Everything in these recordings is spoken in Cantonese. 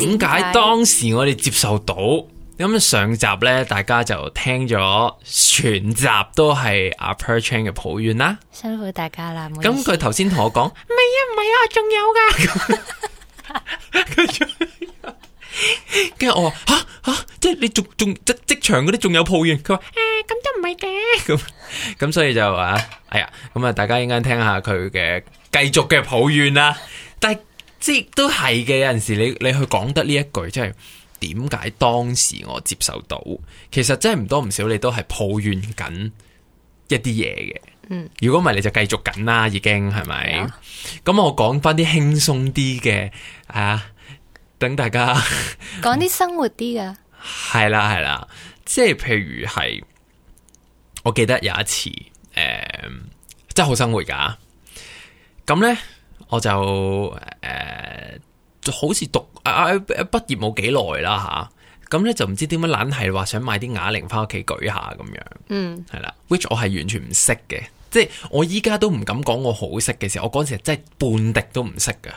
點解當時我哋接受到咁何上集咧？大家就聽咗全集都係阿 Perchun g 嘅抱怨啦，辛苦大家啦。咁佢頭先同我講，唔係 啊，唔係啊，仲有噶、啊。跟 住， 跟住我話吓吓，即係你仲仲職職場嗰啲仲有抱怨。佢話啊，咁都唔係嘅。咁咁 所以就啊，話、哎、呀，咁啊，大家依家聽下佢嘅繼續嘅抱怨啦。但係。即都係嘅，有陣時你你去講得呢一句，即係點解當時我接受到？其實真係唔多唔少，你都係抱怨緊一啲嘢嘅。嗯，如果唔係，你就繼續緊啦，已經係咪？咁、嗯、我講翻啲輕鬆啲嘅啊，等大家講 啲生活啲嘅。係啦係啦，即係譬如係，我記得有一次誒，真係好生活噶，咁咧。我就誒、呃、好似讀啊，啊，啊畢業冇幾耐啦嚇，咁、啊、咧就唔知點樣懶係話想買啲啞鈴翻屋企舉下咁樣，嗯，係啦。which 我係完全唔識嘅，即係我依家都唔敢講我好識嘅時候，我嗰陣時真係半滴都唔識嘅，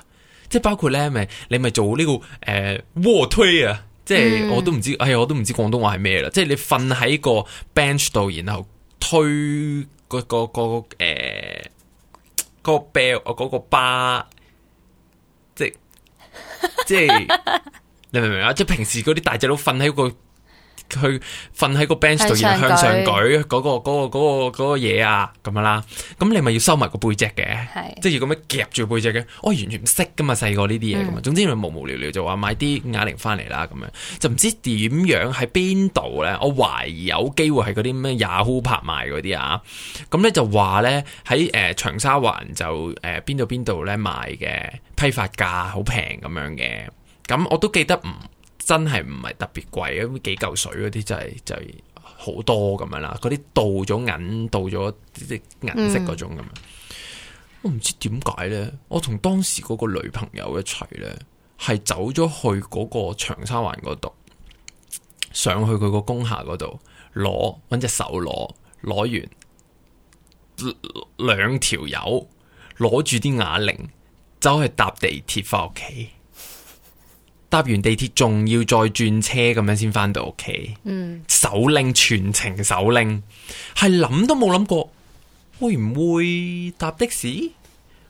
即係包括咧咪你咪做呢、呢個誒臥推啊，即係我都唔知，嗯、哎呀我都唔知廣東話係咩啦，即係你瞓喺個 bench 度，然後推嗰、嗰個、嗰個誒。嗰個嗰個欸個 bell，我嗰個 bar，即係即係， 你明唔明啊？即係平時嗰啲大隻佬瞓喺個。佢瞓喺個 bench 度，然後向上舉嗰、 嗰個嗰、嗰個嘢、嗰個嗰個、啊咁樣啦。咁你咪要收埋個背脊嘅， 即係要咁樣夾住背脊嘅。我、哦、完全唔識噶嘛，細個呢啲嘢噶嘛。嗯、總之咪無無聊聊就話買啲啞鈴翻嚟啦咁樣，就唔知點樣喺邊度咧。我懷疑有機會係嗰啲咩 Yahoo 拍賣嗰啲啊，咁咧就話咧喺誒長沙灣就誒邊度邊度咧賣嘅，呃、邊度邊度批發價好平咁樣嘅。咁我都記得唔。呃真係唔係特別貴，咁幾嚿水嗰啲真係就係好多咁樣啦。嗰啲倒咗銀，倒咗銀色嗰種咁樣。嗯、我唔知點解呢，我同當時嗰個女朋友一齊呢，係走咗去嗰個長沙灣嗰度，上去佢個工廈嗰度攞揾隻手攞，攞完兩條友攞住啲啞鈴，走去搭地鐵翻屋企。搭完地鐵仲要再轉車咁樣先翻到屋企，嗯、手拎，全程手拎，係諗都冇諗過會唔會搭的士，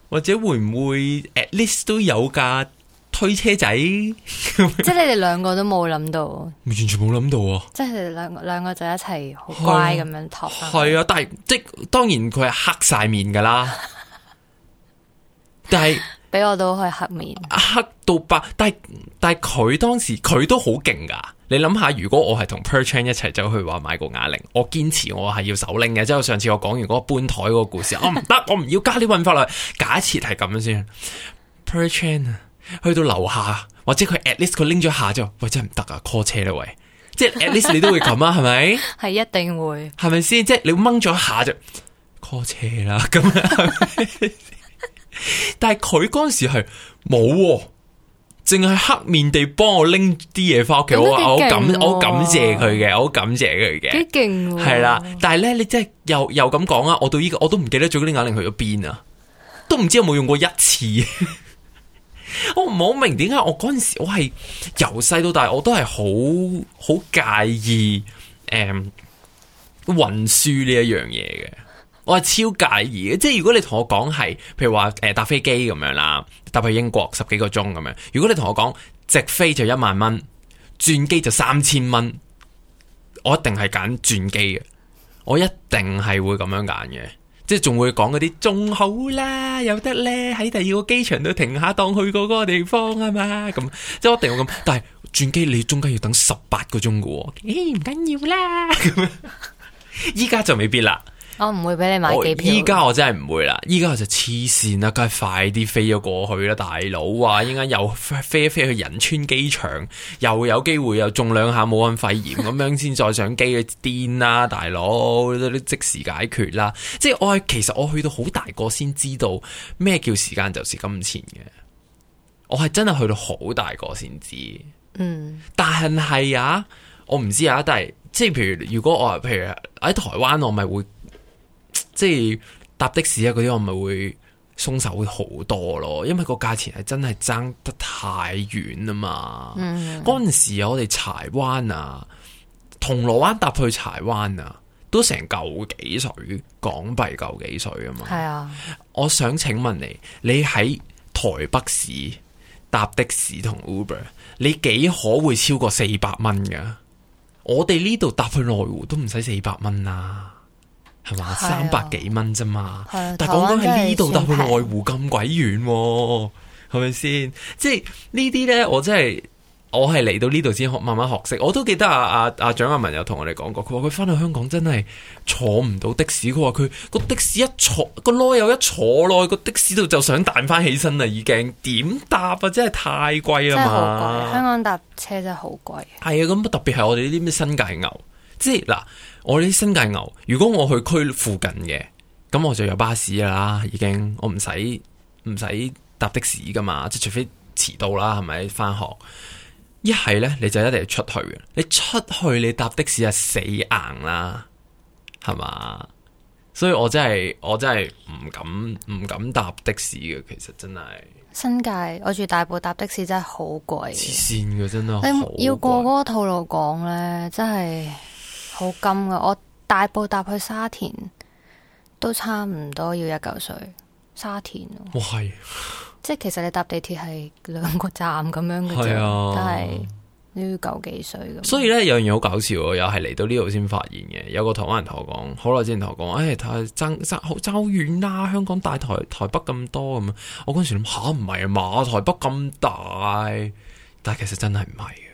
或者會唔會 at least 都有架推車仔？即係你哋兩個都冇諗到， 完全冇諗到啊！即係你哋兩兩個就一齊好乖咁樣托翻，係啊！但係即係當然佢係黑晒面噶啦， 但係是。 俾我都去黑面，黑到白，但係但係佢當時佢都好勁噶。你諗下，如果我係同 Per Chan 一齊走去話買個啞鈴，我堅持我係要手拎嘅。即係上次我講完嗰個搬台嗰個故事， 我唔得，我唔要加啲運翻嚟。假設係咁先 Per Chan 去到樓下，或者佢 at least 佢拎咗下之後，喂，真係唔得啊，call 車啦，喂，即係 at least 你都會咁啊，係咪 ？係一定會，係咪先？即係你掹咗一下就 call 車啦，咁樣。 但係佢嗰時係冇、啊，淨係黑面地幫我拎啲嘢翻屋企。我好感我感謝佢嘅，我好感謝佢嘅。幾勁係啦！但係咧，你真係又又咁講啊！我到依、這個我都唔記得最高啲眼鏡去咗邊啊！都唔知有冇用過一次 我我我。我唔好明點解我嗰陣時我係由細到大我都係好好介意誒運輸呢一樣嘢嘅。嗯我係超介意嘅，即係如果你同我講係，譬如話誒、呃、搭飛機咁樣啦，搭去英國十幾個鐘咁樣。如果你同我講直飛就一萬蚊，轉機就三千蚊，我一定係揀轉機嘅，我一定係會咁樣揀嘅。即係仲會講嗰啲仲好啦，又得咧，喺第二個機場度停下，當去過嗰個地方啊嘛。咁即係我一定會咁，但係轉機你中間要等十八個鐘噶、咦，唔緊要啦。依家就未必啦。我唔會俾你買機票。我依家我真係唔會啦，依家我就黐線啦，梗係快啲飛咗過去啦，大佬啊，依家又飛飛去仁川機場，又有機會又中兩下武漢肺炎咁樣，先 再上機嘅癲啦，大佬都即時解決啦。即係我係其實我去到好大個先知道咩叫時間就是金錢嘅，我係真係去到好大個先知。嗯，但係啊，我唔知啊，但係即係譬如如果我譬如喺台灣，我咪會。即係搭的士啊，嗰啲我咪會鬆手會好多咯，因為個價錢係真係爭得太遠啦嘛。嗰陣、mm hmm. 時我哋柴灣啊，銅鑼灣搭去柴灣啊，都成嚿幾水港幣，嚿幾水啊嘛。係啊、mm，hmm. 我想請問你，你喺台北市搭的士同 Uber，你幾可會超過四百蚊㗎？我哋呢度搭去內湖都唔使四百蚊啦。係嘛？三百幾蚊啫嘛，對但係講緊喺呢度搭去內湖咁鬼遠，係咪先？即係呢啲咧，我真係我係嚟到呢度先學，慢慢學識。我都記得阿阿阿蔣雅文有同我哋講過，佢話佢翻到香港真係坐唔到的士，佢話佢個的士一坐個囉柚一坐落個的士度就想彈翻起身啦，已經點搭啊？真係太貴啦嘛，貴！香港搭車真係好貴。係啊、哎，咁特別係我哋呢啲咩新界牛。即係嗱，我哋啲新界牛，如果我去區附近嘅，咁我就有巴士噶啦，已經我唔使唔使搭的士噶嘛，即係除非遲到啦，係咪翻學？一係呢，你就一定要出去，你出去你搭的士係死硬啦，係嘛？所以我真係我真係唔敢唔敢搭的士嘅，其實真係新界我住大埔搭的士真係好貴，黐線噶真係，你要過嗰個套路講呢，真係。好金噶，我大埔搭去沙田都差唔多要一嚿水。沙田，哇係，啊、即係其實你搭地鐵係兩個站咁樣嘅啫，啊、但係要九幾水咁。所以咧，有樣嘢好搞笑，又係嚟到呢度先發現嘅。有個台灣人同我講，好耐之前同我講，誒、哎，差差好差好遠啦，香港大台台北咁多咁啊！我嗰時諗下，唔係啊嘛，台北咁、啊、大，但係其實真係唔係。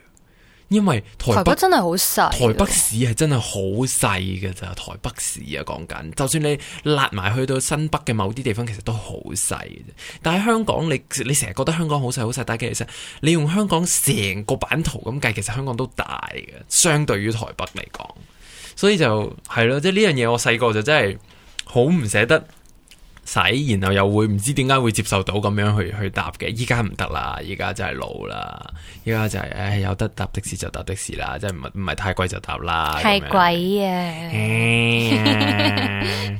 因為台北，台北真係好細，台北市係真係好細嘅咋，台北市啊講緊，就算你揦埋去到新北嘅某啲地方，其實都好細嘅啫。但係香港，你你成日覺得香港好細好細，但係其實你用香港成個版圖咁計，其實香港都大嘅，相對於台北嚟講。所以就係咯，即係呢樣嘢，我細個就真係好唔捨得。使，然後又會唔知點解會接受到咁樣去去搭嘅，依家唔得啦，依家就係老啦，依家就係、是，唉、哎，有得搭的士就搭的士啦，即係唔唔係太貴就搭啦。太貴啊！嗯、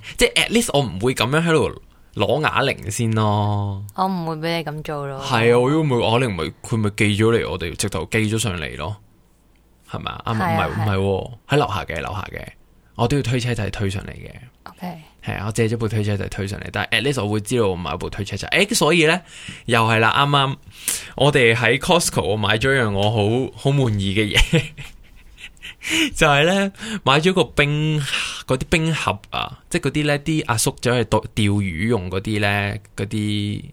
即係 at least 我唔會咁樣喺度攞啞鈴先咯，我唔會俾你咁做咯。係啊，我要唔會啞鈴佢咪寄咗嚟我哋，直頭寄咗上嚟咯，係咪啊？唔係唔係喺樓下嘅樓下嘅，我都要推車仔推上嚟嘅。O K。係啊，我借咗部推車就推上嚟，但係 at least 我會知道我買部推車就，誒、欸，所以咧又係啦，啱啱我哋喺 Costco 買咗一樣我好好滿意嘅嘢， 就係咧買咗個冰嗰啲冰盒啊，即係嗰啲咧啲阿叔走去釣釣魚用嗰啲咧嗰啲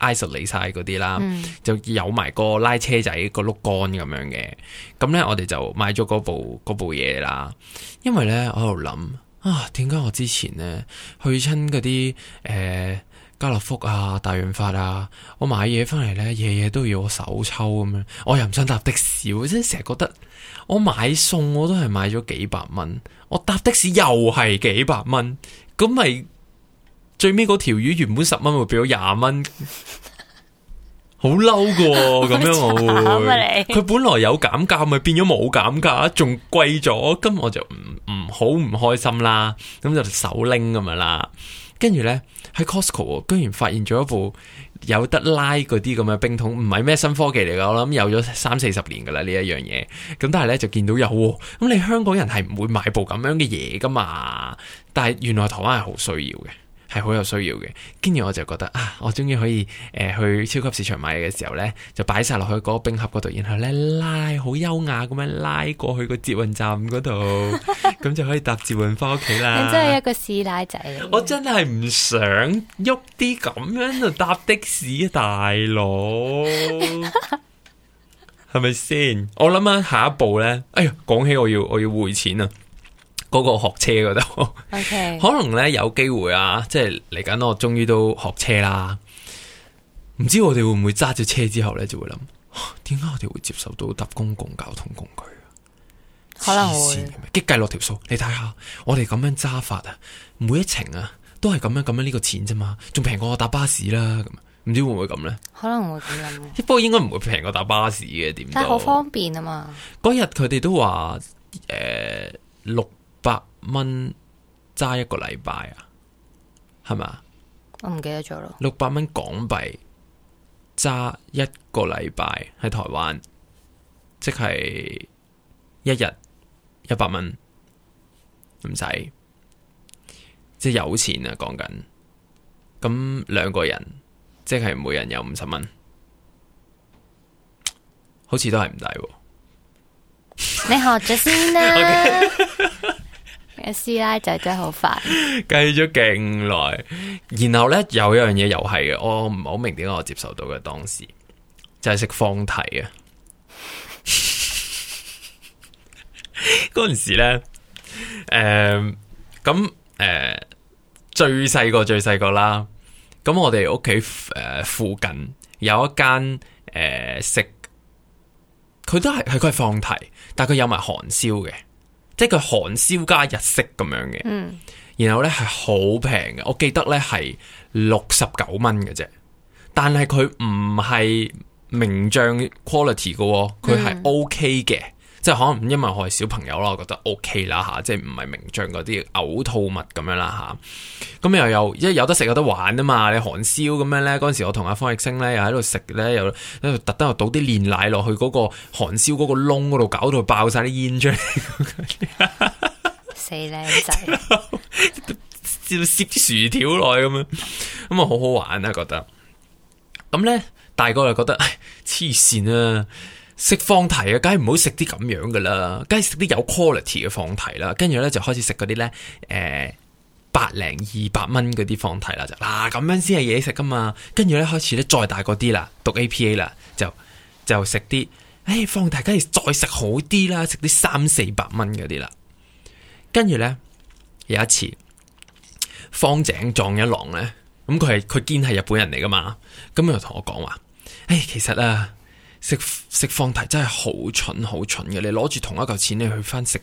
isolate 晒嗰啲啦，就有埋個拉車仔、個轆杆咁樣嘅，咁咧我哋就買咗嗰部嗰部嘢啦，因為咧我喺度諗。啊！點解我之前呢，去親嗰啲誒家樂福啊、大潤發啊，我買嘢翻嚟，呢，夜夜都要我手抽咁樣，我又唔想搭的士，我真係成日覺得我買餸我都係買咗幾百蚊，我搭的士又係幾百蚊，咁咪最尾嗰條魚原本十蚊，會畀咗廿蚊。好嬲噶，咁 樣我會佢 本來有減價，咪變咗冇減價，仲貴咗，咁我就唔唔好唔開心啦。咁就手拎咁樣啦。跟住呢，喺 Costco 居然發現咗一部有得拉嗰啲咁嘅冰桶，唔係咩新科技嚟噶，我諗有咗三四十年噶啦呢一樣嘢。咁但係呢，就見到有，咁你香港人係唔會買部咁樣嘅嘢噶嘛，但係原來台灣係好需要嘅。係好有需要嘅，跟住我就覺得啊，我終於可以誒、呃、去超級市場買嘢嘅時候呢，就擺晒落去嗰個冰盒嗰度，然後呢，拉，好優雅咁樣拉過去個捷運站嗰度，咁 就可以搭捷運翻屋企啦。你真係一個師奶仔，我真係唔想喐啲咁樣就搭的士，啊，大佬，係咪先？我諗下下一步呢。哎呀，講起我要我要匯錢啊！嗰個學車嗰度，可能咧有機會啊，即係嚟緊我終於都學車啦。唔知我哋會唔會揸住車之後咧，就會諗點解我哋會接受到搭公共交通工具啊？可能會，會激計落條數，你睇下我哋咁樣揸法啊，每一程啊都係咁樣咁樣，樣呢個錢啫嘛，仲平過我搭巴士啦。咁唔知會唔會咁咧？可能會咁。該不過應該唔會平過搭巴士嘅。點樣？但係好方便啊嘛。嗰日佢哋都話誒六。百蚊揸一個禮拜啊，係咪啊？我唔記得咗咯。六百蚊港幣揸一個禮拜喺台灣，即係一日一百蚊唔使，即係有錢啊！講緊咁兩個人，即係每人有五十蚊，好似都係唔抵。 你學咗先啦。 Okay . 嘅師奶仔仔好煩，計咗勁耐，然後咧有一樣嘢又係嘅，我唔好明點解我接受到嘅，當時就係、是、食放題啊！嗰 陣 時咧，誒、呃，咁誒、呃，最細個最細個啦，咁我哋屋企誒附近有一間誒食，佢、呃、都係係佢係放題，但係佢有埋韓燒嘅。即係佢韓燒加日式咁樣嘅，然後咧係好平嘅，我記得咧係六十九蚊嘅啫，但係佢唔係名將 quality 嘅，佢係 OK 嘅。即係可能，因為我係小朋友，我覺得 O K 啦吓，即係唔係名將嗰啲嘔吐物咁樣啦吓。咁又又，因為有得食有得玩啊嘛，你韓燒咁樣咧，嗰陣時我同阿方力升咧又喺度食咧，又喺度特登又倒啲煉奶落去嗰個韓燒嗰個窿嗰度，搞到爆晒啲煙出嚟，死靚仔，要攝啲薯條落去咁樣，咁啊好好玩啊，覺得。咁咧大哥就覺得黐線、哎、啊！食放題啊，梗係唔好食啲咁樣噶啦，梗係食啲有 quality 嘅放題啦。跟住咧就開始食嗰啲咧，誒、呃，百零二百蚊嗰啲放題啦，就嗱咁、啊、樣先係嘢食噶嘛。跟住咧開始咧再大嗰啲啦，讀 APA 啦，就就食啲，誒、哎，放題梗係再食好啲啦，食啲三四百蚊嗰啲啦。跟住咧有一次，方井撞一郎咧，咁佢係佢堅係日本人嚟噶嘛，咁佢就同我講話，誒、哎，其實啊。食食放題真係好蠢好蠢嘅，你攞住同一嚿錢，你去翻食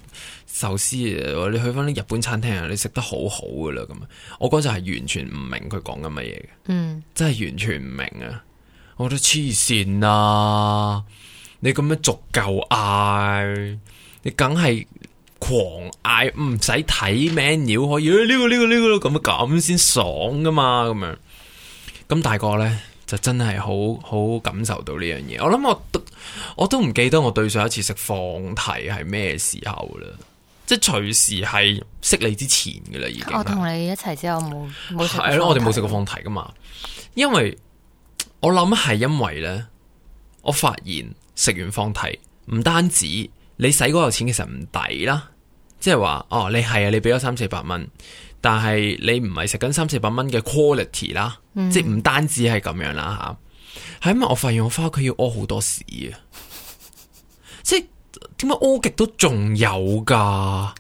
壽司，你去翻啲日本餐廳，你食得好好噶啦咁。我嗰陣係完全唔明佢講緊乜嘢嘅，嗯，真係完全唔明啊！我覺得黐線啊！你咁樣逐嚿嗌，你梗係狂嗌，唔使睇咩料可以呢個呢個呢個咯，咁咁先爽噶嘛，咁樣。咁大個咧～就真係好好感受到呢樣嘢，我諗我都我都唔記得我對上一次食放題係咩時候啦，即係隨時係識你之前噶啦，已經我。我同你一齊之後冇冇我哋冇食過放題噶嘛？因為我諗係因為呢，我發現食完放題唔單止你使嗰個錢其實唔抵啦，即係話哦，你係啊，你俾咗三四百蚊。但係你唔係食緊三四百蚊嘅 quality 啦，嗯、即係唔單止係咁樣啦吓，係、嗯、因為我發現我翻屋企要屙好多屎啊！即係點解屙極都仲有噶？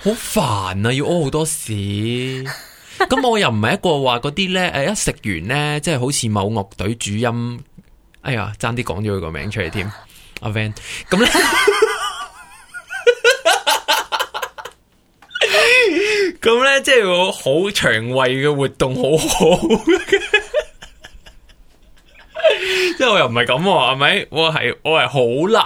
好煩啊！要屙好多屎，咁我又唔係一個話嗰啲咧，誒一食完咧，即係好似某樂隊主音，哎呀，爭啲講咗佢個名出嚟添，阿 Van，咁咧。 咁咧，即係個好腸胃嘅活動好好， 即係我又唔係咁，係咪？我係我係好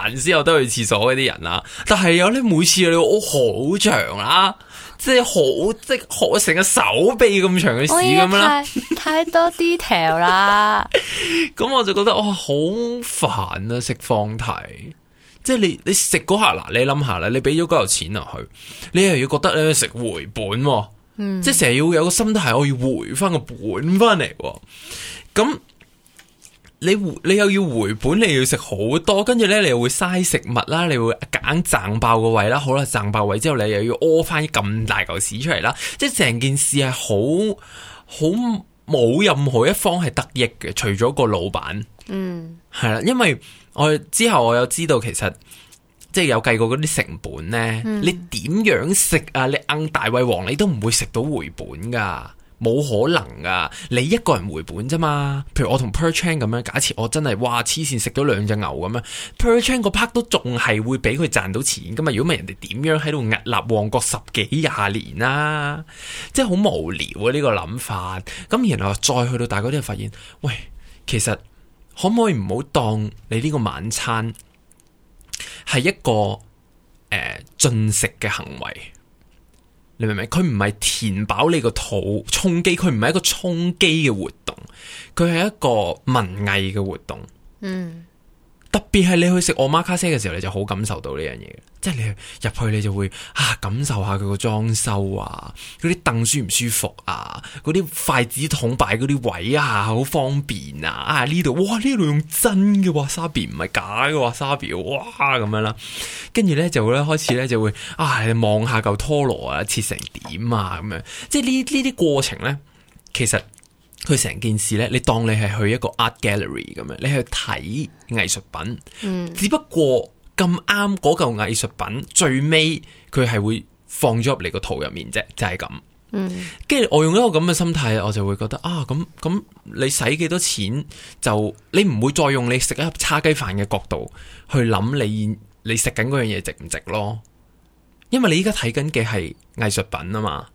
難先有得去廁所嗰啲人啦、啊。但係有咧，每次你會好長啦、啊，即係好即係成個手臂咁長嘅屎咁啦。太多 detail 啦，咁我就覺得哇，好煩啊！食放題。即係你，你食嗰下嗱，你諗下啦，你俾咗嗰嚿錢落去，你又要覺得咧食回本、啊，嗯，即係成日要有個心態可以回翻個本翻嚟、啊，咁你你又要回本，你要食好多，跟住咧你又會嘥食物啦，你會梗賺爆個位啦，好啦，賺爆位之後你又要屙翻咁大嚿屎出嚟啦，即係成件事係好好冇任何一方係得益嘅，除咗個老闆，嗯，係啦，因為。我之後我又知道，其實即係有計過嗰啲成本呢。嗯、你點樣食啊？你硬大胃王，你都唔會食到回本噶，冇可能噶。你一個人回本啫嘛。譬如我同、嗯、Per Chang 咁樣假設，我真係哇黐線食咗兩隻牛咁樣，Per Chang 個 part 都仲係會俾佢賺到錢噶嘛？如果唔係人哋點樣喺度屹立旺角十幾廿年啦，啊？即係好無聊呢，啊這個諗法。咁然後再去到大家都係發現，喂，其實。可唔可以唔好當你呢個晚餐係一個誒進食嘅行為？你明唔明？佢唔係填飽你個肚，充饑，佢唔係一個充饑嘅活動，佢係一個文藝嘅活動。嗯。特別係你去食 Omakase 嘅時候，你就好感受到呢樣嘢，即係你入去你就會啊感受下佢個裝修啊，嗰啲凳舒唔舒服啊，嗰啲筷子筒擺嗰啲位啊，好方便啊，啊呢度哇呢度用真嘅 wasabi 唔係假嘅 wasabi，哇咁樣啦，跟住咧就咧開始咧就會啊望下嚿拖羅啊切成點啊咁樣，即係呢呢啲過程咧其實。佢成件事咧，你當你係去一個 art gallery 咁樣，你去睇藝術品，嗯、只不過咁啱嗰嚿藝術品最尾佢係會放咗入你個肚入面啫，就係、是、咁。跟住、嗯、我用一個咁嘅心態，我就會覺得啊，咁咁你使幾多錢就你唔會再用你食一盒叉雞飯嘅角度去諗你你食緊嗰樣嘢值唔值咯？因為你依家睇緊嘅係藝術品啊嘛。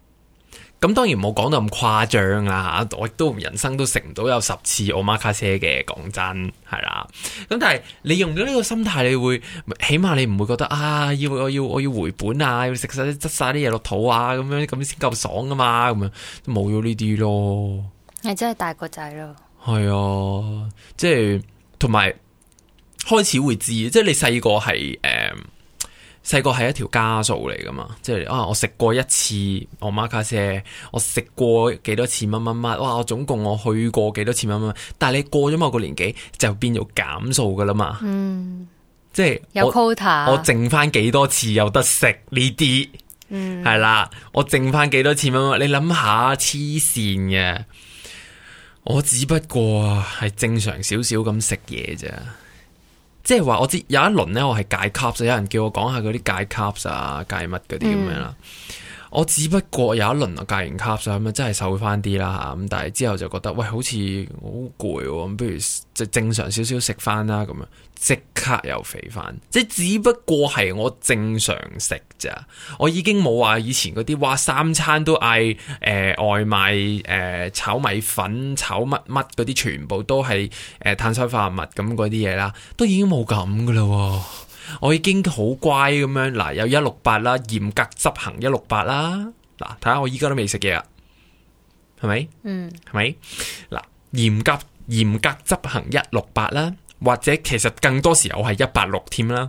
咁當然冇講到咁誇張啦，我亦都人生都食唔到有十次奧馬卡車嘅，講真係啦。咁但係你用咗呢個心態，你會起碼你唔會覺得啊，要我要我要回本啊，要食晒執晒啲嘢落肚啊，咁樣咁先夠爽㗎嘛，咁樣冇咗呢啲咯。你真係大個仔咯，係啊，即係同埋開始會知，即係你細個係誒。嗯細個係一條加數嚟噶嘛，即係啊我食過一次我媽卡車，我食過幾多次乜乜乜，哇我總共我去過幾多次乜乜乜，但係你過咗某個年紀就變做減數噶啦嘛，嗯，即係是有 quota，我，我剩翻幾多次有得食呢啲，嗯，係啦，我剩翻幾多次乜乜，你諗下黐線嘅，我只不過係正常少少咁食嘢咋。即係話我知有一輪呢，我係戒 cup，就有人叫我講下嗰啲戒 cup 啊戒乜嗰啲咁樣啦。嗯、我只不過有一輪啊戒完 cup，卡咁啊，真係瘦翻啲啦吓咁。但係之後就覺得喂，好似好攰咁，不如就正常少少食翻啦咁樣。即刻又肥翻，即係只不過係我正常食咋，我已經冇話以前嗰啲哇三餐都嗌誒、呃、外賣誒、呃、炒米粉炒乜乜嗰啲全部都係誒碳水化合物咁嗰啲嘢啦，都已經冇咁噶啦，我已經好乖咁樣嗱，有一六八啦，嚴格執行一六八啦，嗱，睇下我依家都未食嘢啊，係咪？嗯，係咪？嗱，嚴格嚴格執行一六八啦。或者其實更多時候係一百六添啦，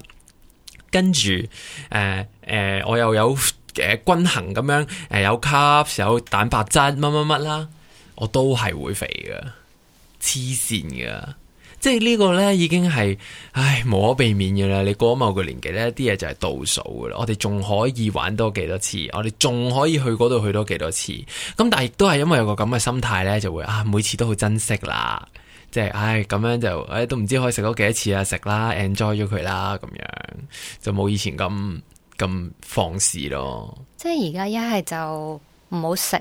跟住誒誒，我又有誒、呃、均衡咁樣誒、呃、有卡有蛋白質乜乜乜啦，我都係會肥嘅，黐線嘅，即係呢個呢已經係唉無可避免嘅啦。你過咗某個年紀呢，啲嘢就係倒數嘅啦。我哋仲可以玩多幾多次，我哋仲可以去嗰度去多幾多次。咁但係亦都係因為有個咁嘅心態呢，就會啊每次都好珍惜啦。即係，唉，咁樣就，唉，都唔知可以食咗幾多次啊！食啦，enjoy 咗佢啦，咁樣就冇以前咁咁放肆咯。即係而家一係就唔好食，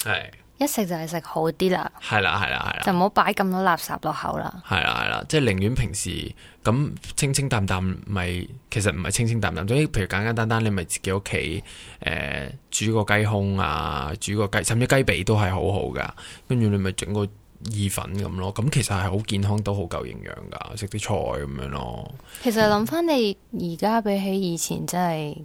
係一食就係食好啲啦。係啦係啦係啦，就唔好擺咁多垃圾落口啦。係啦係啦，即係寧願平時咁清清淡淡，咪其實唔係清清淡淡。總之，譬如簡簡單單，你咪自己屋企，誒、呃，煮個雞胸啊，煮個雞，甚至雞髀都係好好噶。跟住你咪整個。意粉咁咯，咁其實係好健康夠營養，都好夠營養噶，食啲菜咁樣咯。其實諗翻你而家比起以前真係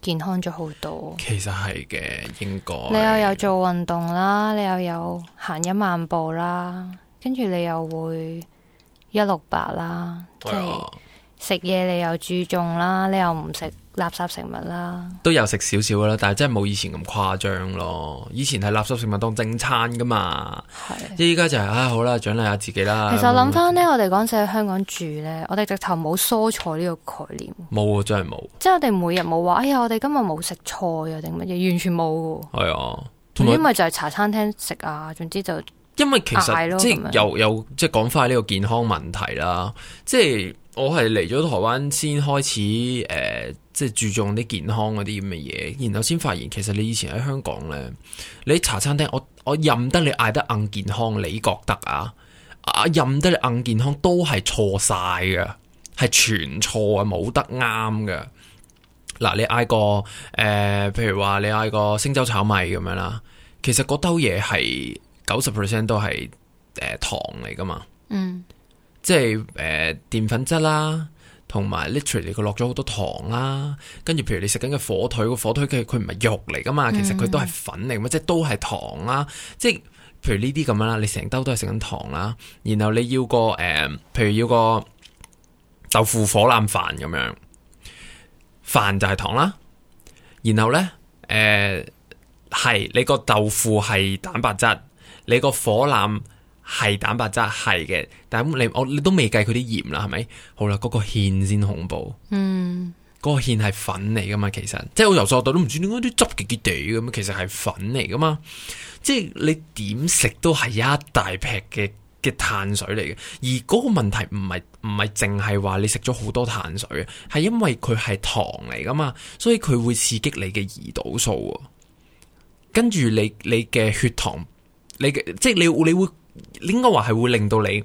健康咗好多，嗯。其實係嘅，應該你又有做運動啦，你又有行一萬步啦，跟住你又會一六八啦，哎、呀，即係食嘢你又注重啦，你又唔食。垃圾食物啦，都有食少少啦，但係真係冇以前咁誇張咯。以前係垃圾食物當正餐噶嘛，即依家就係、係、啊好啦，獎勵下自己啦。其實諗翻呢，我哋嗰陣時喺香港住呢，這樣 我哋直頭冇蔬菜呢個概念，冇啊，真係冇。即係我哋每日冇話，哎呀，我哋今日冇食菜啊定乜嘢，完全冇。係啊、哎，同埋因，因為就係茶餐廳食啊，總之就因為其實即又又即係講翻呢個健康問題啦。即係我係嚟咗台灣先開始誒。呃呃即係注重啲健康嗰啲咁嘅嘢，然後先發現其實你以前喺香港咧，你喺茶餐廳，我我任得你嗌得硬健康，你覺得啊啊任得你硬健康都係錯晒嘅，係全錯啊，冇得啱嘅。嗱，你嗌個誒，譬如話你嗌個星洲炒米咁樣啦，其實嗰兜嘢係九十 percent 都係誒、呃、糖嚟噶嘛，嗯，即係誒、呃、澱粉質啦。同埋 literally，佢落咗好多糖啦、啊。跟住，譬如你食緊嘅火腿，個火腿佢佢唔係肉嚟噶嘛，嗯、其實佢都係粉嚟嘛，即係都係糖啦、啊。即係譬如呢啲咁樣啦，你成兜都係食緊糖啦、啊。然後你要個誒、呃，譬如要個豆腐火腩飯咁樣，飯就係糖啦、啊。然後呢，誒、呃、係你個豆腐係蛋白質，你個火腩，係蛋白質，係嘅，但咁你我你都未計佢啲鹽啦，係咪？好啦，嗰、嗰個芡先恐怖，嗯，嗰個芡係粉嚟噶嘛，其實即係我由細到大都唔知點解啲汁結結地咁，其實係粉嚟噶嘛，即係你點食都係一大劈嘅嘅碳水嚟嘅，而嗰個問題唔係唔係淨係話你食咗好多碳水，係因為佢係糖嚟噶嘛，所以佢會刺激你嘅胰島素，跟住你你嘅血糖，你嘅即係你你會。你應該話係會令到你，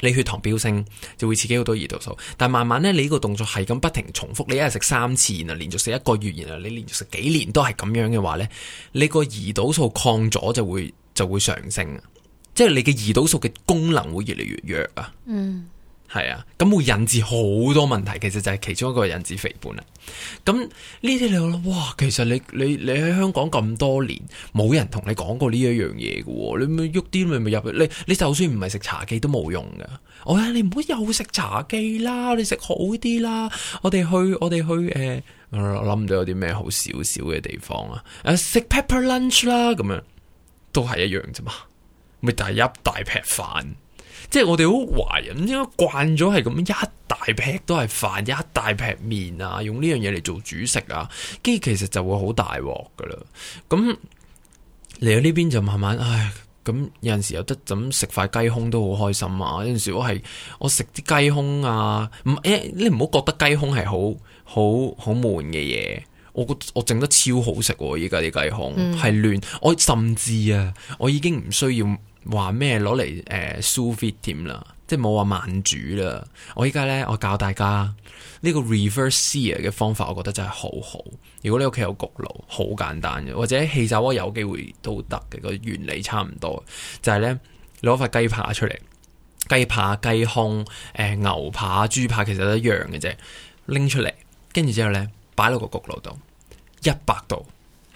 你血糖飆升，就會刺激好多胰島素。但慢慢咧，你呢個動作係咁不停重複，你一日食三次，然後連續食一個月，然後你連續食幾年都係咁樣嘅話咧，你個胰島素抗阻就會就會上升啊！即係你嘅胰島素嘅功能會越嚟越弱啊！嗯。係啊，咁會引致好多問題，其實就係其中一個引致肥胖啦、啊。咁呢啲你諗，哇，其實你你你喺香港咁多年，冇人同你講過呢一樣嘢㗎。你咪喐啲咪咪入去，你你，你就算唔係食茶記都冇用噶。我話你唔好又食茶記啦，你食好啲啦。我哋去我哋去誒，諗唔到有啲咩好少少嘅地方啊？誒、呃，食 Pepper Lunch 啦，咁樣都係一樣啫嘛，咪就係一大劈飯。即係我哋好壞啊！唔知點解慣咗係咁，一大劈都係飯，一大劈麵啊，用呢樣嘢嚟做主食啊，跟住其實就會好大鑊噶啦。咁嚟到呢邊就慢慢唉，咁有陣時有得咁食塊雞胸都好開心啊！有陣時我係我食啲雞胸啊，唔誒、欸，你唔好覺得雞胸係好好好悶嘅嘢，我我整得超好食、啊。而家啲雞胸係嫩、嗯，我甚至啊，我已經唔需要。話咩攞嚟誒 sous vide 添啦，即係冇話慢煮啦。我依家咧，我教大家呢、呢個 reverse sear 嘅方法，我覺得真係好好。如果你屋企有焗爐，好簡單嘅，或者氣炸鍋有機會都得嘅。個原理差唔多，就係咧攞塊雞扒出嚟，雞扒、雞胸、誒、呃、牛扒、豬扒，其實都一樣嘅啫。拎出嚟，跟住之後咧，擺落個焗爐度，一百度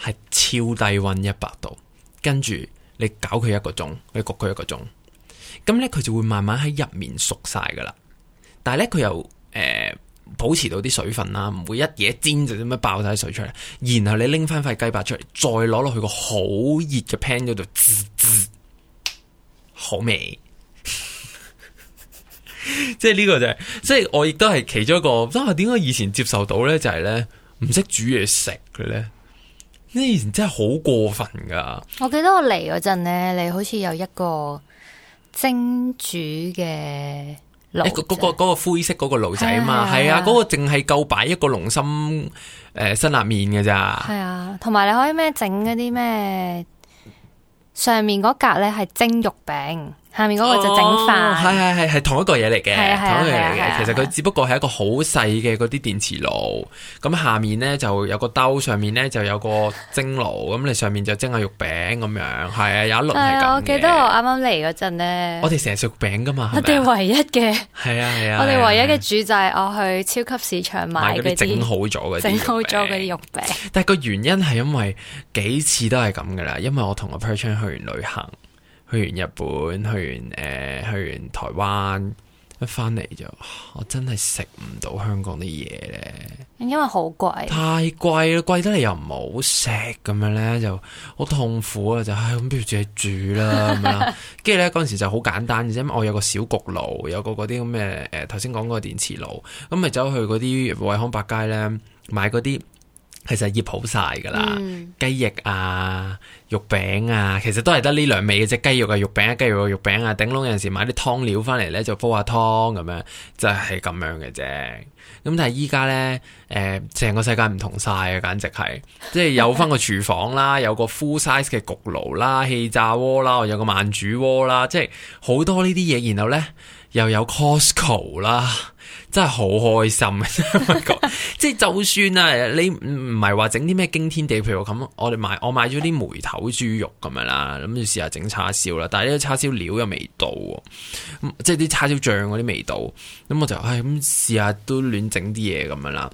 係超低温一百度，跟住。你搞佢一個鐘，你焗佢一個鐘，咁呢，佢就會慢慢喺入面熟晒噶啦。但係呢，佢又誒、呃、保持到啲水分啦，唔會一嘢煎就咁樣爆晒水出嚟。然後你拎翻塊雞白出嚟，再攞落去個好熱嘅 pan 嗰度，滋滋，好味。即係呢個就係、是，即係我亦都係其中一個。哇、啊，點解以前接受到呢，就係、是、呢，唔識煮嘢食嘅呢。呢啲嘢真係好過分噶！我記得我嚟嗰陣咧，你好似有一個蒸煮嘅爐，嗰嗰個個灰色嗰個爐仔啊嘛，係啊，嗰個淨係夠擺一個龍心誒辛，呃、辣麵㗎咋，係啊，同埋你可以咩整嗰啲咩上面嗰格咧係蒸肉餅。下面嗰個就整飯，係係係係同一個嘢嚟嘅，係係係係同一個嘢嚟嘅。係係係係係其實佢只不過係一個好細嘅嗰啲電磁爐，咁下面呢，就有個兜，上面呢就有個蒸爐，咁你上面就蒸下肉餅咁樣，係啊，有一輪係咁，我記得我啱啱嚟嗰陣呢，我哋成日食餅噶嘛，我哋唯一嘅係啊係啊，我哋唯一嘅主就係我去超級市場買嗰啲整好咗、整好咗嗰啲肉餅。但係個原因係因為幾次都係咁噶啦，因為我同個 Per 去完旅行。去完日本，去完誒、呃，去完台灣，一翻嚟就我真係食唔到香港啲嘢咧，因為好貴，太貴啦，貴得嚟又唔好食咁樣咧，就好痛苦啊！就唉，咁不如自己煮啦咁樣呢。跟住咧嗰陣時就好簡單，因為我有個小焗爐，有個嗰啲咁咩誒頭先講嗰個電磁爐，咁咪走去嗰啲惠康百佳咧買嗰啲。其實醃好晒㗎啦，嗯、雞翼啊、肉餅啊，其實都係得呢兩味嘅啫，雞肉啊、肉餅啊、雞肉嘅肉餅啊，頂籠有陣時買啲湯料翻嚟咧，就煲下湯咁樣，就係、是、咁樣嘅啫。咁、嗯、但係依家咧，誒、呃，成個世界唔同晒啊，簡直係，即係有翻個廚房啦，有個 full size 嘅焗爐啦，氣炸鍋啦，有個慢煮鍋啦，即係好多呢啲嘢，然後咧。又有 Costco 啦，真係好開心。即係 就，就算啊，你唔唔係話整啲咩驚天地，譬如我咁，我哋買我買咗啲梅頭豬肉咁樣啦，諗住試下整叉燒啦，但係呢啲叉燒料又未到，即係啲叉燒醬嗰啲味道，咁我就唉，咁試下都亂整啲嘢咁樣啦。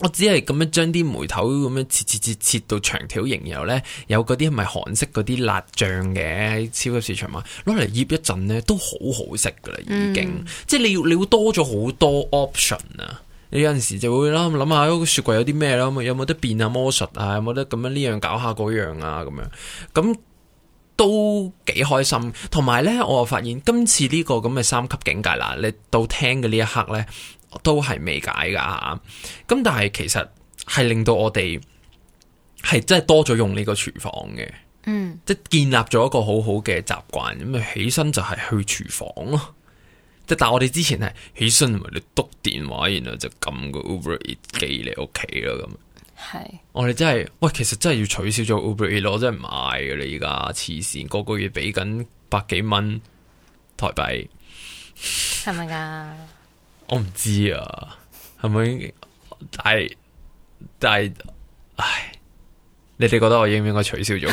我只係咁樣將啲梅頭咁樣切切切切到長條形，然後咧有嗰啲係咪韓式嗰啲辣醬嘅超級市場嘛，攞嚟醃一陣咧都好好食噶啦，嗯、已經即係你要你會多咗好多 option 啊！你有陣時就會啦，諗下個雪櫃有啲咩囉，有冇得變吓魔術啊，有冇得咁樣呢樣搞下嗰樣啊咁樣，咁都幾開心。同埋咧，我又發現今次呢、這個咁嘅三級境界啦，你到聽嘅呢一刻咧。都係未解噶吓，咁但係其實係令到我哋係真係多咗用呢個廚房嘅，嗯，即係建立咗一個好好嘅習慣，咁咪起身就係去廚房咯。即 但係我哋之前係起身咪你督電話，然後就撳個 Uber Eats 嚟屋企咯咁。係是我哋真係喂，其實真係要取消咗 Uber Eats，我真係唔買噶，你而家黐線，個個月俾緊百幾蚊台幣，係咪噶？我唔知啊，係咪？但係但係，唉！你哋覺得我應唔應該取消咗？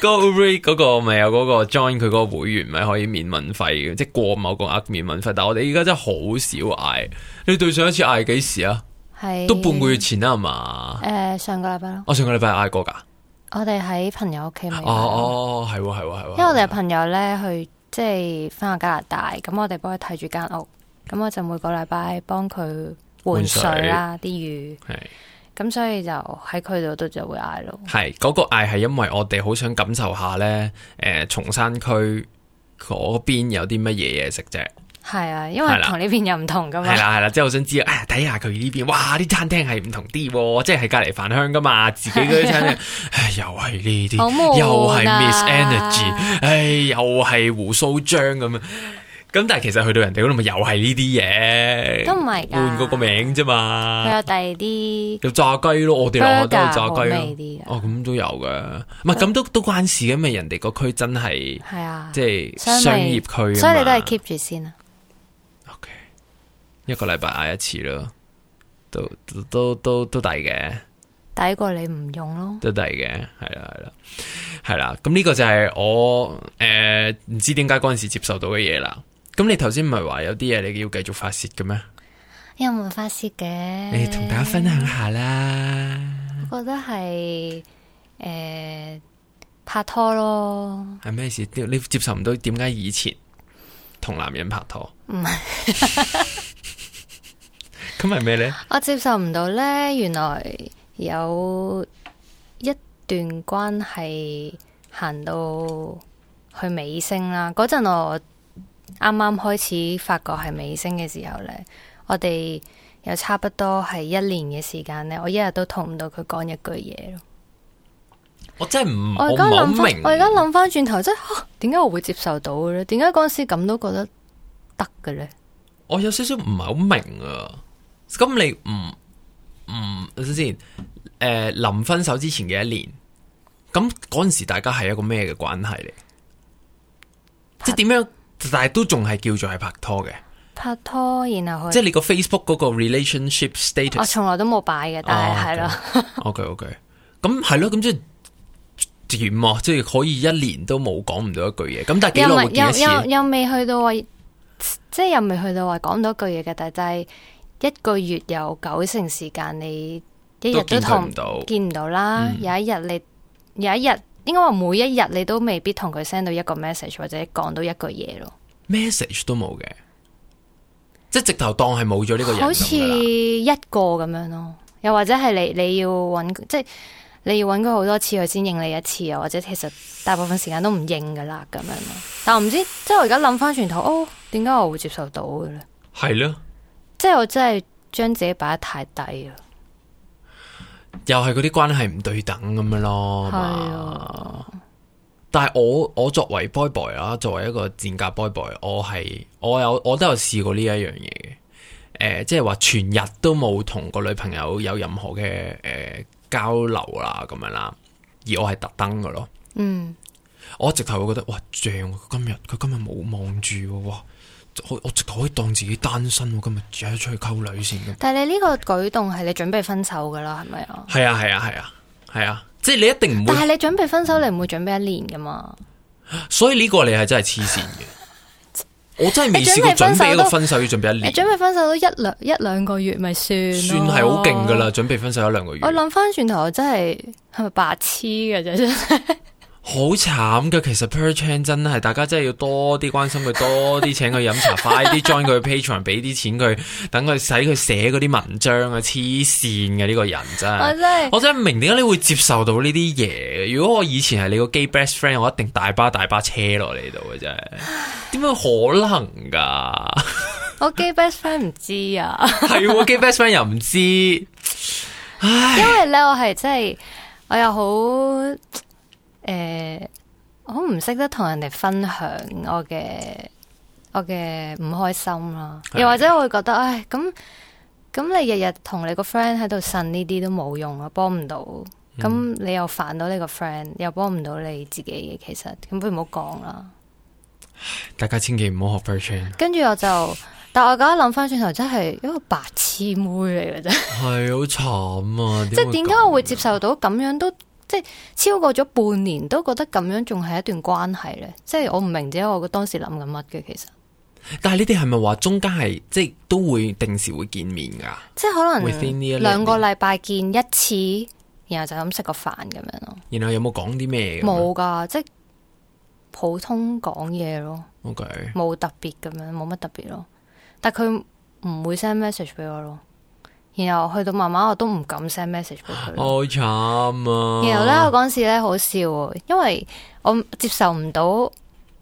嗰個嗰個咪有嗰個 join 佢嗰個會員咪可以免運費嘅，即係過某個額免運費。但係我哋依家真係好少嗌。你對上一次嗌幾時啊？係都半個月前啦，係嘛？誒，上個禮拜咯。我上個禮拜嗌過噶。我哋喺朋友屋企咪。哦哦，係係係。啊啊啊、因為我哋朋友咧去即係翻去加拿大，咁我哋幫佢睇住間屋。咁我就每個禮拜幫佢換水啦，啲水魚。咁是所以就喺佢度都就會嗌咯。係嗰、那個嗌係因為我哋好想感受下咧，誒、呃，松山區嗰邊有啲乜嘢嘢食啫。係啊，因為邊同呢邊又唔同噶嘛。係啊，係啦、啊啊啊，即係我想知啊，睇下佢呢邊，哇，啲餐廳係唔同啲、啊，即係喺隔籬飯香噶嘛，自己嗰啲餐廳，啊、唉，又係呢啲，又係 Miss Energy，唉、哎，又係胡鬚張咁啊。咁但係其實去到人哋嗰度咪又係呢啲嘢，都唔係噶，換嗰個名啫嘛。係啊，第二啲又炸雞咯，我哋兩個都係炸雞咯，哦，咁都有噶，唔係咁都都關事嘅，因為人哋個區真係係啊，即係商業區，所以你都係 keep 住先啊。OK，一個禮拜嗌一次咯，都都都都抵嘅，抵過你唔用咯，都抵嘅，係啦係啦，係啦，咁呢個就係我誒唔知點解嗰陣時接受到嘅嘢啦。咁你頭先唔係話有啲嘢，你要繼續發洩嘅咩？有冇會發洩嘅，你同大家分享下啦。我覺得係誒、呃、拍拖咯。係咩事？你，你接受唔到點解以前同男人拍拖？唔係不是。咁係咩呢？我接受唔到呢。原來有一段關係行到去尾聲啦。嗰陣我。啱啱開始發覺係尾聲嘅時候呢，我哋又差不多係一年嘅時間呢。我一日都同唔到佢講一句嘢咯。我真係唔明，我而家諗翻轉頭，即係點解我會接受到嘅呢？點解嗰陣時咁都覺得得嘅呢？我有少少唔係好明啊。咁你唔唔睇先？誒、嗯、臨、嗯呃、分手之前嘅一年，咁嗰陣時大家係一個咩嘅關係嚟？啪 即係點樣？但係都仲係叫做係拍拖嘅，拍拖然後去，即係你個 Facebook 嗰個 relationship status，我從來都冇擺嘅，但係係咯。OK OK，咁係咯，咁即係點啊？即係可以一年都冇講唔到一句嘢，咁但係幾耐？又又又未去到話，即係又未去到話講唔到一句嘢嘅，但係就係一個月有九成時間你一日都見唔到，見唔到啦，有一日你有一日。應該話每一日你都未必同佢 send 到一個 message 或者講到一句嘢咯，message 都冇嘅，即係直頭當係冇咗呢個人。好似一個咁樣咯，又或者係你你要揾即係你要揾佢好多次佢先應你一次啊，或者其實大部分時間都唔應噶啦咁樣咯。但我唔知，即係我而家諗返轉頭，哦，點解我會接受到嘅咧？係咧的，即係我真係將自己擺得太低啦。又係嗰啲關係唔對等咁樣咯，係啊！ 但係我我作為 boy boy 啦，作為一個賤格 boy boy，我係我有我都有試過呢一樣嘢嘅，誒、呃，即係話全日都冇同個女朋友有任何嘅誒、呃、交流啦，咁樣啦，而我係特登嘅咯，嗯，我直頭會覺得哇，正今日佢今日冇望住，哇！我直頭可以當自己單身，今日自己出去溝女先。但係你呢個舉動係你準備分手噶啦，係咪啊？係啊，係啊，係啊，係啊，即係你一定唔會。但係你準備分手，你唔會準備一年噶嘛？所以呢個你係真係黐線嘅， 我真係未試過準備一個分手要準備一年。你準備分手都一兩一兩個月，咪算？算係好勁噶啦，準備分手一兩個月。我諗翻轉頭，真係係咪白痴㗎啫？ 好慘嘅，其實 Per Chan 真係大家真係要多啲關心佢，多啲請佢飲茶， 快啲 join 佢 patron，俾啲錢佢，等佢使佢寫嗰啲文章啊！黐線嘅呢個人真係，我真係，我真係唔明點解你會接受到呢啲嘢。如果我以前係你個 gay best friend，我一定大巴大巴車落嚟度嘅，啫！係。點樣可能噶、啊 ？我 gay best friend 唔知啊，係喎，我 gay best friend 又唔知。唉，因為咧，我係真係，我又好。誒、呃，我唔識得同人哋分享我嘅我嘅唔開心啦，的又或者我會覺得，唉，咁咁你日日同你個 friend 喺度呻呢啲都冇用啊，幫唔到，咁、嗯、你又煩到你個 friend，又幫唔到你自己，嘅。其實咁不如唔好講啦。大家千祈唔好學 friend。跟住我就，但我而家諗翻轉頭，真係一個白痴妹嚟嘅啫。係好慘啊！即係點解我會接受到咁樣都？即係超過咗半年都覺得咁樣仲係一段關係咧，即係我唔明點解，我當時諗緊乜嘅其實。但係呢啲係咪話中間係即係都會定時會見面噶？即係可能兩個禮拜見一次，然後就咁食個飯咁樣咯。然後有冇講啲咩？冇噶，即係普通講嘢咯。OK，冇特別咁樣，冇乜特別咯。但係佢唔會 send message 俾我咯。然後去到慢慢我都唔敢 send message 俾佢。好慘啊！然後咧，我嗰時咧好笑，因為我接受唔到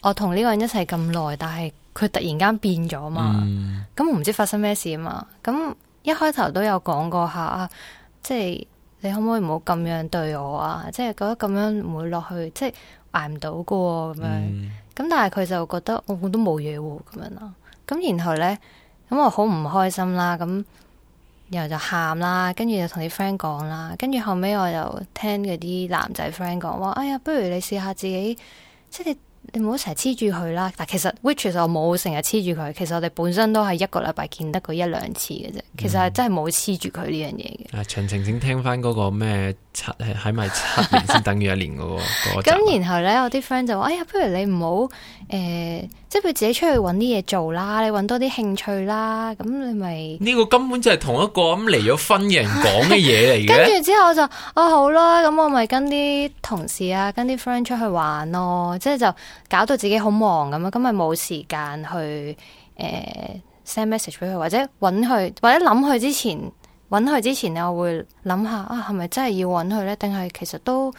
我同呢個人一齊咁耐，但係佢突然間變咗嘛，咁、嗯、我唔知發生咩事啊嘛。咁一開頭都有講過下，啊、即係你可唔可以唔好咁樣對我啊？即係覺得咁樣唔會落去，即係挨唔到噶咁樣。咁、嗯、但係佢就覺得我我都冇嘢喎咁樣啦。咁然後咧，咁我好唔開心啦。咁。然後就喊啦，跟住就同啲 friend 講啦，跟住後尾我就聽嗰啲男仔 friend 講話，哎呀，不如你試下自己，即你。你唔好成日黐住佢啦，但其實 which 其實我冇成日黐住佢，其實我哋本身都係一個禮拜見得佢一兩次嘅啫，其實係真係冇黐住佢呢樣嘢嘅。啊，長情正聽翻嗰個咩七係咪七年先等於一年嘅喎、那個。咁 然後咧，我啲 friend 就話：哎呀，不如你唔好誒，即係佢自己出去揾啲嘢做啦，你揾多啲興趣啦。咁你咪呢個根本就係同一個咁離咗婚嘅人講嘅嘢嚟嘅。 跟住之後就：啊、好我好啦，咁我咪跟啲同事啊，跟啲 friend 出去玩咯、啊，即係就。搞到自己好忙咁啊，咁咪冇時間去誒 send message 俾佢，或者揾佢，或者諗佢之前揾佢之前咧，我會諗下啊，係咪真係要揾佢咧？定係其實都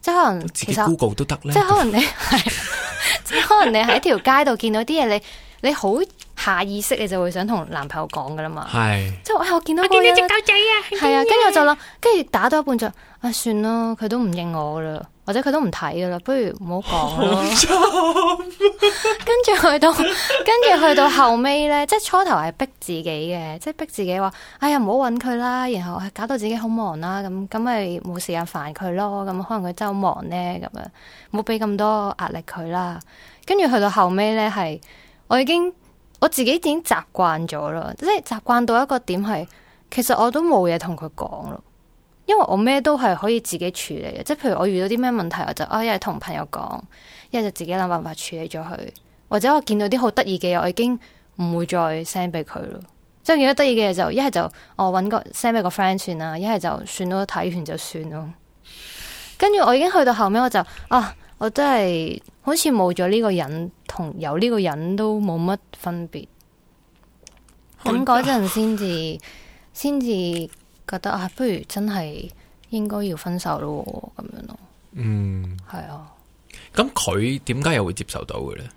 即係可能，其實 Google 都得咧，呢即係可能你係 即係可能你喺條街度見到啲嘢，你你好下意識你就會想同男朋友講噶啦嘛，係是即係、哎、我見到個隻狗仔啊，係啊，跟住我就諗，跟住打一半就啊算啦，佢都唔應我噶啦。或者佢都唔睇噶啦，不如唔好講咯。 跟住去到，跟住去到後尾咧，即係初頭係逼自己嘅，即係逼自己話，哎呀唔好搵佢啦，然後搞到自己好忙啦，咁咁咪冇時間煩佢咯，咁可能佢都忙咧，咁樣冇俾咁多壓力佢啦。跟住去到後尾咧，係我已經我自己已經習慣咗咯，即係習慣到一個點係，其實我都冇嘢同佢講咯。因為我咩都係可以自己處理嘅，即係譬如我遇到啲咩問題，我就啊一係同朋友講，一係就自己諗辦法處理咗佢。或者我見到啲好得意嘅嘢，我已經唔會再 send 俾佢咯。即係見到得意嘅嘢就一係就我搵個 send 俾個 friend 算啦，一係就算咯，睇完就算咯。跟住我已經去到後尾，我就啊，我真係好似冇咗呢個人，同有呢個人都冇乜分別。咁嗰陣先至，先至。覺得啊，不如真係應該要分手咯，咁樣咯。嗯，係啊。咁佢點解又會接受到嘅咧？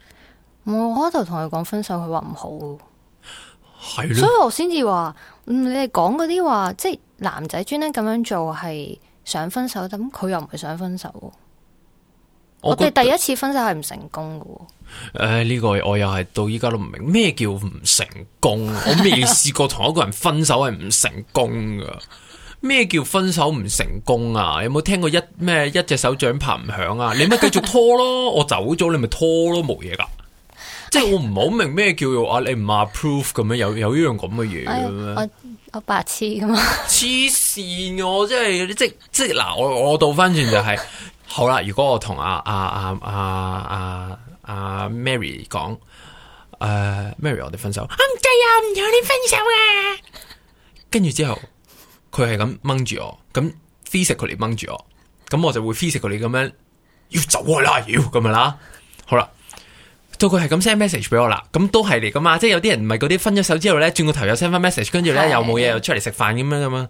我開頭同佢講分手，佢話唔好，係咯。所以我先至話，嗯，你哋講嗰啲話，即係男仔專登咁樣做，係想分手，咁佢又唔係想分手。我哋第一次分手係唔成功嘅。誒、呃，呢、這個我又係到依家都唔明咩叫唔成功啊。我未試過同一個人分手係唔成功噶。咩叫分手唔成功啊？有冇聽過一咩一隻手掌拍唔響啊？你咪繼續拖咯，我走咗，你咪拖咯，冇嘢噶。即係我唔好明咩叫做啊，你唔 approve 咁樣有有呢樣咁嘅嘢嘅咩？我白痴噶嘛？黐線、啊、我真係即即嗱我我，我，我倒翻轉就係、是。 好啦，如果我同阿阿阿阿阿阿 Mary 講，誒、呃、Mary，我哋分手，唔計啊，唔要你分手啊。跟住之後，佢係咁掹住我，咁 physically 佢嚟掹住我，咁我就會 physically 佢嚟咁樣，要走我啦，要咁樣啦。好啦，到佢係咁 send message 俾我啦，咁都係嚟噶嘛，即係有啲人唔係嗰啲分咗手之後咧，轉個頭又 send 翻 message，跟住咧又冇嘢又出嚟食飯咁樣咁樣。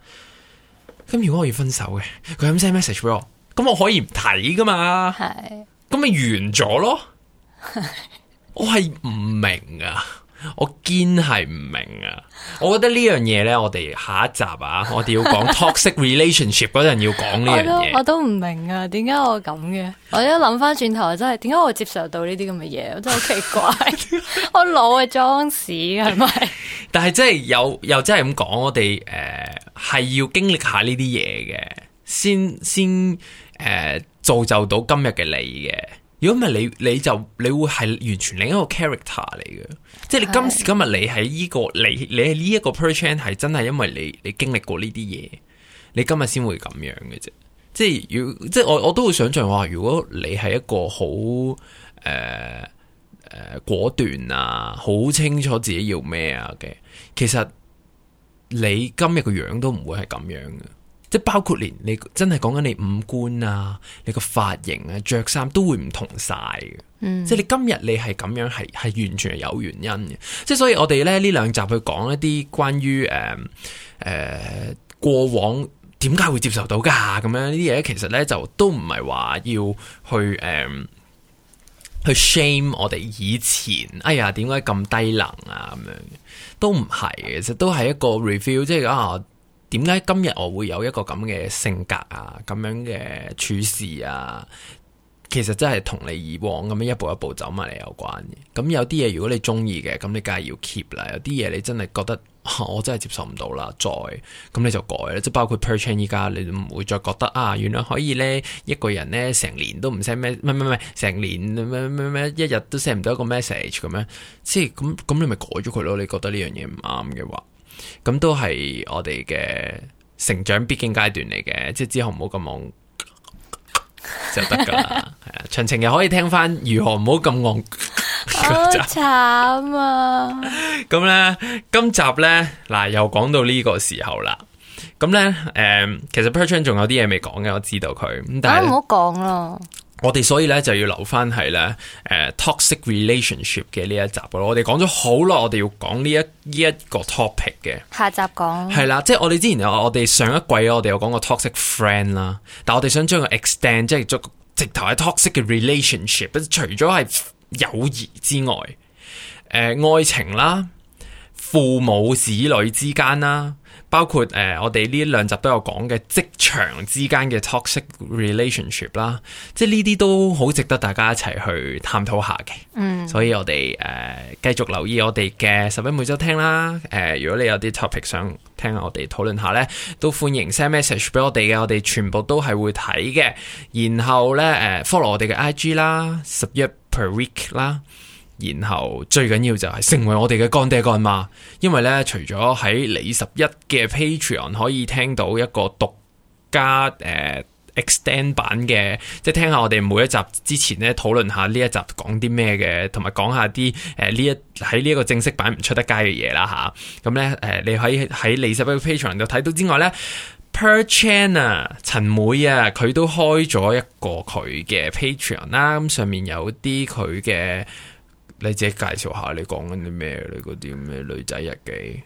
咁如果我要分手嘅，佢係咁 send message 俾我。咁我可以唔睇噶嘛？係咁咪完咗咯？我係唔明啊，我堅係唔明啊。我覺得呢樣嘢咧，我哋下一集啊，我哋要講 toxic relationship 嗰陣 要講呢樣嘢。我都唔明啊，點解我咁嘅？我一諗翻轉頭，真係點解我會接受到呢啲咁嘅嘢，我真係好奇怪。 我老係裝屎係咪？是是但係真係又又真係咁講，我哋誒係要經歷下呢啲嘢嘅。先先誒、呃、造就到今日嘅你嘅，如果唔係你你就你會係完全另一個 character 嚟嘅。的即係你今時今日你喺呢、這個你你喺呢一個 percent 係真係因為你你經歷過呢啲嘢，你今日先會咁樣嘅啫，即係如，即係我我都會想象話、呃、如果你係一個好誒誒果斷啊，好清楚自己要咩啊嘅，其實你今日個樣都唔會係咁樣嘅。即係包括連你真係講緊你五官啊，你個髮型啊，着衫都會唔同晒嘅。嗯，即係你今日你係咁樣，係係完全係有原因嘅。即係所以我哋咧呢兩集去講一啲關於誒誒過往點解會接受到㗎咁樣呢啲嘢，其實咧就都唔係話要去誒、呃、去 shame 我哋以前。哎呀，點解咁低能啊？咁樣都唔係，其實都係一個 review，即係啊。點解今日我會有一個咁嘅性格啊，咁樣嘅處事啊，其實真係同你以往咁樣一步一步走埋嚟有關嘅。咁有啲嘢如果你中意嘅，咁你梗係要 keep 啦。有啲嘢你真係覺得、啊、我真係接受唔到啦，再咁你就改啦。即包括 perchance 依家，你唔會再覺得啊，原來可以呢。一個人呢，成年都唔 send 咩，唔係唔係唔係，成年咩咩咩，一日都 send 唔到一個 message 咁樣。即係咁咁，你咪改咗佢咯。你覺得呢樣嘢唔啱嘅話。咁都係我哋嘅成長必經階段嚟嘅，即係之後唔好咁戇就得噶啦，係啊。詳情又可以聽翻如何唔 好咁戇。好慘啊！咁咧， 今集咧嗱又講到呢個時候啦。咁咧，誒，其實 Perchun 仲有啲嘢未講嘅，我知道佢，但係唔好講咯。啊我哋所以咧就要留翻係咧，誒、uh，toxic relationship 嘅呢一集咯。我哋講咗好耐，我哋要講呢一呢一,一個 topic 嘅下集講係啦，即係我哋之前我哋上一季我哋有講過 toxic friend 啦，但我哋想將佢 extend，即係足直頭係 toxic 嘅 relationship，除咗係友誼之外，誒、呃，愛情啦。父母子女之間啦，包括誒、呃、我哋呢兩集都有講嘅職場之間嘅 toxic relationship 啦，即係呢啲都好值得大家一齊去探討下嘅。嗯，所以我哋誒繼續留意我哋嘅拾壹每週聽啦。誒、呃，如果你有啲 topic 想聽我哋討論下呢，都歡迎 send message 俾我哋嘅，我哋全部都係會睇嘅。然後呢誒、呃、follow 我哋嘅 IG 啦，十一 per week 啦。然後最緊要就係成為我哋嘅乾爹乾媽，因為呢，除咗喺李十一嘅 Patreon 可以聽到一個獨家誒、呃、extend 版嘅，即係聽下我哋每一集之前呢，討論下呢一集講啲咩嘅，同埋講下啲誒呢一喺呢一個正式版唔出得街嘅嘢啦吓。咁、啊、呢，誒、嗯呃、你可以喺李十一嘅 Patreon 度睇到之外呢，Per Chan 啊，陳妹啊，佢都開咗一個佢嘅 Patreon 啦、啊，咁上面有啲佢嘅。你自己介紹下，你講緊啲咩？你嗰啲咩女仔日記？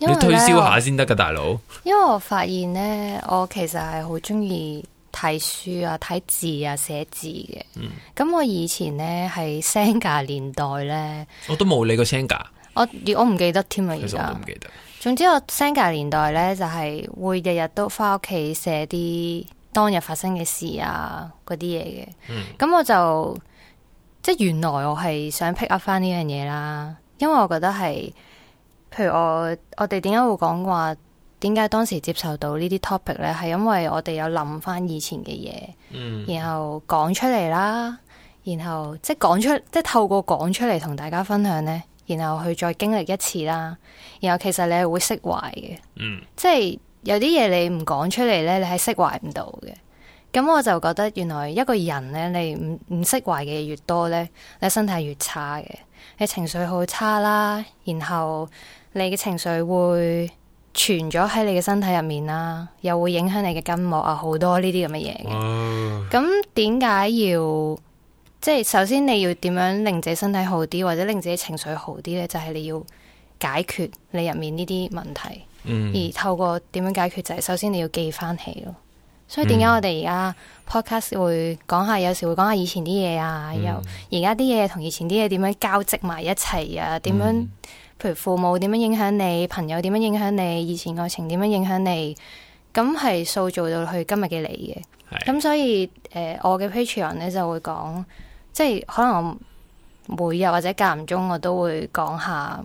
你推銷下先得㗎，我大佬。因為我發現呢，我其實係好中意睇書啊、睇字啊、寫字嘅。嗯。咁我以前呢，係 Xanga 年代呢，我都冇理過 Xanga。我我唔記得添啊，其實我都唔記得。總之我 Xanga 年代呢，就係會日日都翻屋企寫啲當日發生嘅事啊，嗰啲嘢嘅。嗯。咁我就。即原來我係想 pick up 翻呢樣嘢啦，因為我覺得係，譬如我我哋點解會講話，點解當時接受到呢啲 topic 咧，係因為我哋有諗翻以前嘅嘢，嗯，然後講出嚟啦，然後即係講出，即透過講出嚟同大家分享咧，然後去再經歷一次啦，然後其實你係會釋懷嘅，嗯，即係有啲嘢你唔講出嚟咧，你係釋懷唔到嘅。咁我就覺得原來一個人咧，你唔唔釋懷嘅嘢越多咧，你身體越差嘅，你情緒好差啦，然後你嘅情緒會存咗喺你嘅身體入面啦，又會影響你嘅筋膜啊，好多呢啲咁嘅嘢嘅。咁點解要，即係首先你要點樣令自己身體好啲，或者令自己情緒好啲咧？就係、是、你要解決你入面呢啲問題，嗯、而透過點樣解決就係、是、首先你要記翻起咯。所以點解我哋而家 podcast 會講下，有時會講下以前啲嘢啊，又而家啲嘢同以前啲嘢點樣交織埋一齊啊，點、嗯、樣譬如父母點樣影響你，朋友點樣影響你，以前愛情點樣影響你，咁係塑造到去今日嘅你嘅。咁是所以誒、呃，我嘅 Patreon 咧就會講，即係可能我每日或者間唔中我都會講下。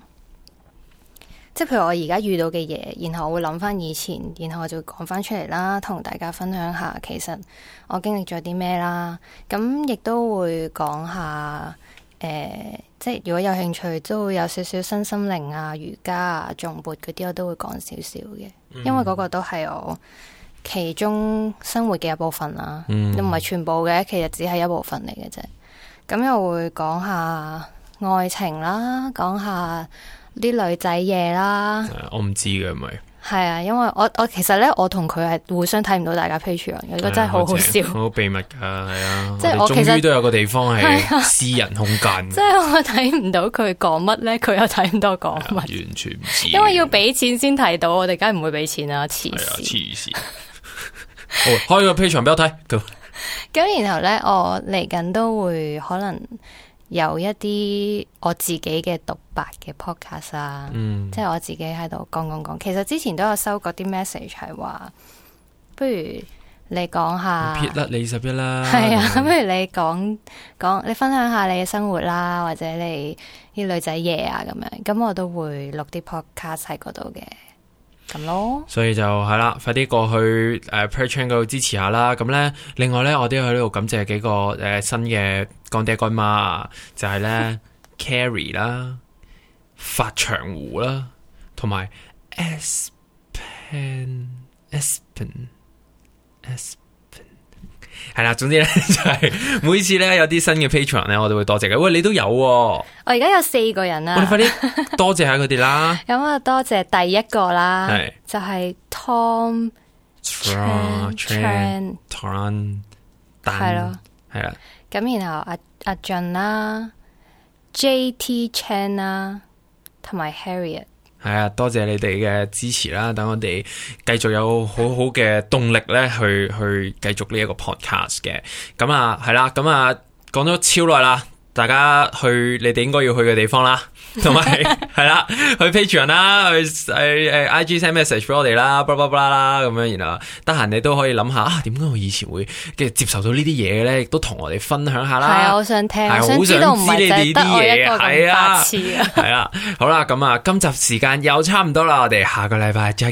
即譬如我而家遇到嘅嘢，然後我會諗翻以前，然後我就會講翻出嚟啦，同大家分享下，其實我經歷咗啲咩啦。咁亦都會講下，誒、呃，即係如果有興趣，都會有少少身心靈啊、瑜伽啊、誦缽嗰啲，我都會講少少嘅。因為嗰個都係我其中生活嘅一部分啦，又唔係全部嘅，其實只係一部分嚟嘅啫。咁又會講下愛情啦，講下。啲女仔嘢啦，我唔知嘅係咪係啊，因為我我其實咧，我同佢係互相睇唔到大家 Patreon 嘅，如果真係好好笑，好、哎、秘密噶係啊， 啊，即係我終於都有個地方係私人空間，即係我睇唔到佢講乜咧，佢又睇唔到我講乜，完全唔知，因為要俾錢先睇到，我哋梗係唔會俾錢啦，黐線，黐線、哎， 開個 Patreon 俾我睇，咁咁 然後咧，我嚟緊都會可能。有一啲我自己嘅獨白嘅 podcast 啊，嗯、即係我自己喺度講講講。其實之前都有收過啲 message 係話，不如你講下，撇甩你拾壹啦，係、嗯、啊，不如你講講，你分享下你嘅生活啦，或者你啲女仔嘢啊咁樣，咁我都會錄啲 podcast 喺嗰度嘅。咁咯，Hello? 所以就係啦，快啲過去誒、呃、Perch Chain 嗰度支持下啦。咁、嗯、咧，另外咧，我都要喺呢度感謝幾個誒、呃、新嘅乾爹乾媽，就係咧 Carrie 啦、發長湖啦，同埋 S Pen 係啦，總之咧就係每次咧有啲新嘅 patron 咧，我都會多謝嘅。喂，你都有、啊？我而家有四個人啦，我快啲多謝下佢哋啦。咁啊，多謝第一個啦，就係 Tom Tran Tran Tran 係咯，係啦。咁然後阿阿俊啦，JT Chan 啦，同埋 Harriet。係啊，多謝你哋嘅支持啦，等我哋繼續有好好嘅動力咧，去去繼續呢一個 podcast 嘅。咁、嗯、啊、係、嗯、啦，咁、嗯、啊，講咗超耐啦。大家去你哋應該要去嘅地方啦，同埋係啦，去 Patreon 啦，去誒誒 I G send message 俾我哋啦，blah blah blah 啦，咁樣，然後得閒你都可以諗下，點解我以前會嘅接受到呢啲嘢咧？亦都同我哋分享下啦。係啊健康，我想聽，好想知你哋啲嘢。係啊，係啊，好健啦康，咁啊對，今集時間又差唔多啦，我哋下個禮拜再見。